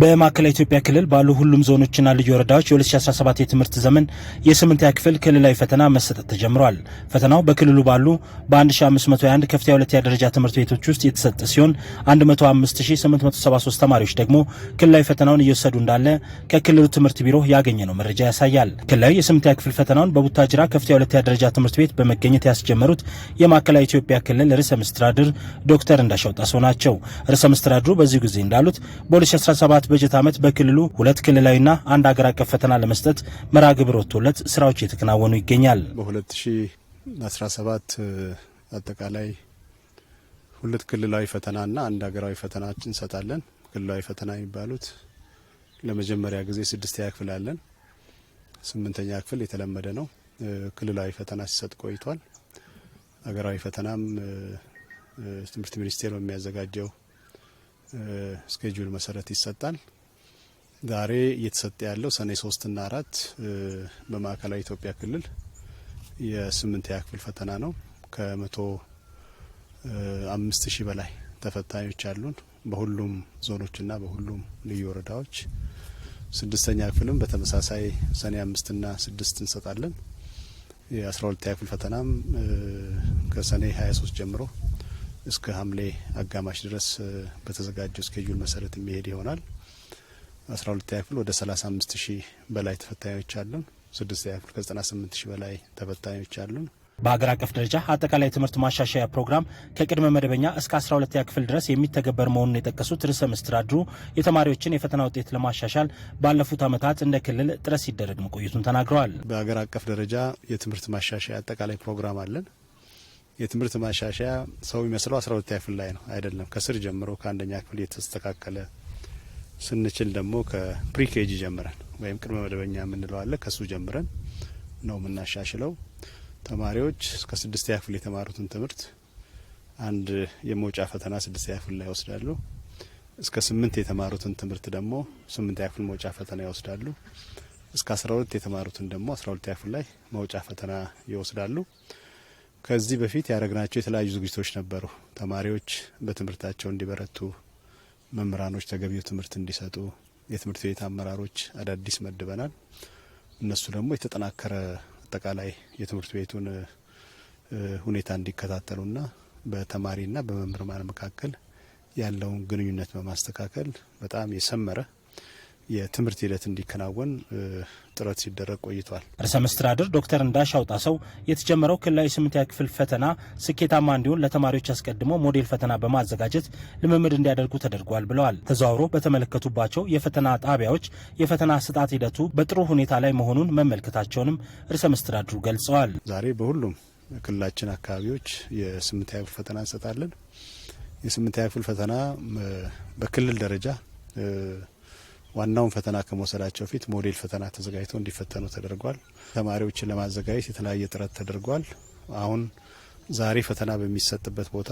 በማዕከላዊ ኢትዮጵያ ክልል ባሉ ሁሉም ዞኖችና ልዩ ወረዳዎች የ2017 የትምህርት ዘመን የስምንተኛ ክፍል ክልላዊ ፈተና መሰጠት ተጀምሯል። ፈተናው በክልሉ ባሉ በ1521 ከፍተኛ ሁለተኛ ደረጃ ትምህርት ቤቶች ውስጥ የተሰጠ ሲሆን 105873 ተማሪዎች ደግሞ ክልላዊ ፈተናውን እየወሰዱ እንዳለ ከክልሉ ትምህርት ቢሮ ነው መረጃ ያሳያል። ክልላዊ የስምንተኛ ክፍል ፈተናውን በቡታጅራ ከፍተኛ ሁለተኛ ደረጃ ትምህርት ቤት በመገኘት ያስጀመሩት የማዕከላዊ ኢትዮጵያ ክልል ርዕሰ መስተዳድር ዶክተር እንዳሻው ጣሰው ናቸው። ርዕሰ መስተዳድሩ በዚህ ጊዜ እንዳሉት በ2017 2017 በጀት ዓመት በክልሉ ሁለት ክልላዊና አንድ አገር አቀፍ ፈተና ለመስጠት መርሃ ግብር ወጥቶለት ስራዎች እየተከናወኑ ይገኛል። በ2017 አጠቃላይ ሁለት ክልላዊ ፈተናና አንድ ሀገራዊ ፈተናዎች እንሰጣለን። ክልላዊ ፈተና የሚባሉት ለመጀመሪያ ጊዜ ስድስተኛ ክፍል አለን። ስምንተኛ ክፍል የተለመደ ነው። ክልላዊ ፈተና ሲሰጥ ቆይቷል። ሀገራዊ ፈተናም ትምህርት ሚኒስቴር በሚያዘጋጀው ስኬጁል መሰረት ይሰጣል። ዛሬ እየተሰጠ ያለው ሰኔ ና አራት በማዕከላዊ ኢትዮጵያ ክልል የስምንተኛ ክፍል ፈተና ነው። ከመቶ አምስት ሺህ በላይ ተፈታኞች አሉን በሁሉም ና በሁሉም ልዩ ወረዳዎች። ስድስተኛ ክፍልም በተመሳሳይ ሰኔ ና ስድስት እንሰጣለን። የአስራ ሁለተኛ ክፍል ፈተናም ከሰኔ ሀያ ሶስት ጀምሮ እስከ ሐምሌ አጋማሽ ድረስ በተዘጋጀው ስኬጁል መሰረት የሚሄድ ይሆናል። አስራ ሁለተኛ ክፍል ወደ ሰላሳ አምስት ሺህ በላይ ተፈታኞች አሉን። ስድስተኛ ክፍል ከዘጠና ስምንት ሺህ በላይ ተፈታኞች አሉን። በሀገር አቀፍ ደረጃ አጠቃላይ ትምህርት ማሻሻያ ፕሮግራም ከቅድመ መደበኛ እስከ 12ኛ ክፍል ድረስ የሚተገበር መሆኑን የጠቀሱት ርዕሰ መስተዳድሩ የተማሪዎችን የፈተና ውጤት ለማሻሻል ባለፉት ዓመታት እንደ ክልል ጥረት ሲደረግ መቆየቱን ተናግረዋል። በሀገር አቀፍ ደረጃ የትምህርት ማሻሻያ አጠቃላይ ፕሮግራም አለን። የትምህርት ማሻሻያ ሰው የሚመስለው አስራ ሁለተኛ ክፍል ላይ ነው። አይደለም ከስር ጀምሮ ከአንደኛ ክፍል የተስተካከለ ስንችል ደግሞ ከፕሪኬጅ ጀምረን ወይም ቅድመ መደበኛ የምንለው አለ ከሱ ጀምረን ነው የምናሻሽለው። ተማሪዎች እስከ ስድስተኛ ክፍል የተማሩትን ትምህርት አንድ የመውጫ ፈተና ስድስተኛ ክፍል ላይ ይወስዳሉ። እስከ ስምንት የተማሩትን ትምህርት ደግሞ ስምንተኛ ክፍል መውጫ ፈተና ይወስዳሉ። እስከ አስራ ሁለት የተማሩትን ደግሞ አስራ ሁለተኛ ክፍል ላይ መውጫ ፈተና ይወስዳሉ። ከዚህ በፊት ያደረግናቸው የተለያዩ ዝግጅቶች ነበሩ። ተማሪዎች በትምህርታቸው እንዲበረቱ፣ መምህራኖች ተገቢው ትምህርት እንዲሰጡ የትምህርት ቤት አመራሮች አዳዲስ መድበናል። እነሱ ደግሞ የተጠናከረ አጠቃላይ የትምህርት ቤቱን ሁኔታ እንዲከታተሉና በተማሪና በመምህራን መካከል ያለውን ግንኙነት በማስተካከል በጣም የሰመረ የትምህርት ሂደት እንዲከናወን ጥረት ሲደረግ ቆይቷል። ርዕሰ መስተዳድር ዶክተር እንዳሻው ጣሰው የተጀመረው ክልላዊ ስምንተኛ ክፍል ፈተና ስኬታማ እንዲሆን ለተማሪዎች አስቀድሞ ሞዴል ፈተና በማዘጋጀት ልምምድ እንዲያደርጉ ተደርጓል ብለዋል። ተዘዋውሮ በተመለከቱባቸው የፈተና ጣቢያዎች የፈተና አሰጣጥ ሂደቱ በጥሩ ሁኔታ ላይ መሆኑን መመልከታቸውንም ርዕሰ መስተዳድሩ ገልጸዋል። ዛሬ በሁሉም ክልላችን አካባቢዎች የስምንተኛ ክፍል ፈተና እንሰጣለን። የስምንተኛ ክፍል ፈተና በክልል ደረጃ ዋናውን ፈተና ከመውሰዳቸው ፊት ሞዴል ፈተና ተዘጋጅተው እንዲፈተኑ ተደርጓል። ተማሪዎችን ለማዘጋጀት የተለያየ ጥረት ተደርጓል። አሁን ዛሬ ፈተና በሚሰጥበት ቦታ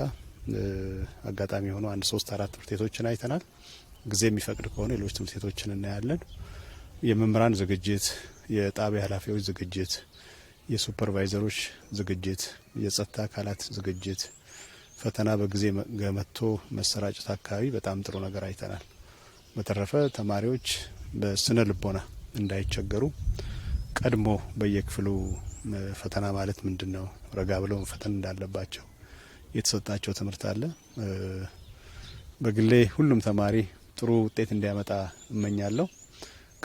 አጋጣሚ የሆኑ አንድ ሶስት አራት ትምህርት ቤቶችን አይተናል። ጊዜ የሚፈቅድ ከሆነ ሌሎች ትምህርት ቤቶችን እናያለን። የመምህራን ዝግጅት፣ የጣቢያ ኃላፊዎች ዝግጅት፣ የሱፐርቫይዘሮች ዝግጅት፣ የጸጥታ አካላት ዝግጅት፣ ፈተና በጊዜ ገመቶ መሰራጨት አካባቢ በጣም ጥሩ ነገር አይተናል። በተረፈ ተማሪዎች በስነ ልቦና እንዳይቸገሩ ቀድሞ በየክፍሉ ፈተና ማለት ምንድን ነው፣ ረጋ ብለው መፈተን እንዳለባቸው የተሰጣቸው ትምህርት አለ። በግሌ ሁሉም ተማሪ ጥሩ ውጤት እንዲያመጣ እመኛለሁ።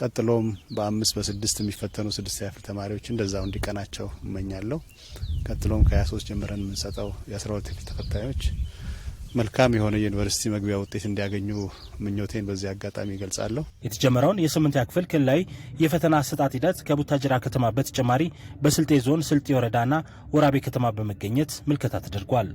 ቀጥሎም በአምስት በስድስት የሚፈተኑ ስድስት ያክል ተማሪዎች እንደዛው እንዲቀናቸው እመኛለሁ። ቀጥሎም ከ23 ጀምረን የምንሰጠው የ ሁለት ክፍል ተፈታዮች መልካም የሆነ የዩኒቨርሲቲ መግቢያ ውጤት እንዲያገኙ ምኞቴን በዚህ አጋጣሚ ይገልጻለሁ። የተጀመረውን የስምንተኛ ክፍል ክልላዊ የፈተና አሰጣጥ ሂደት ከቡታጅራ ከተማ በተጨማሪ በስልጤ ዞን ስልጤ ወረዳና ወራቤ ከተማ በመገኘት ምልከታ ተደርጓል።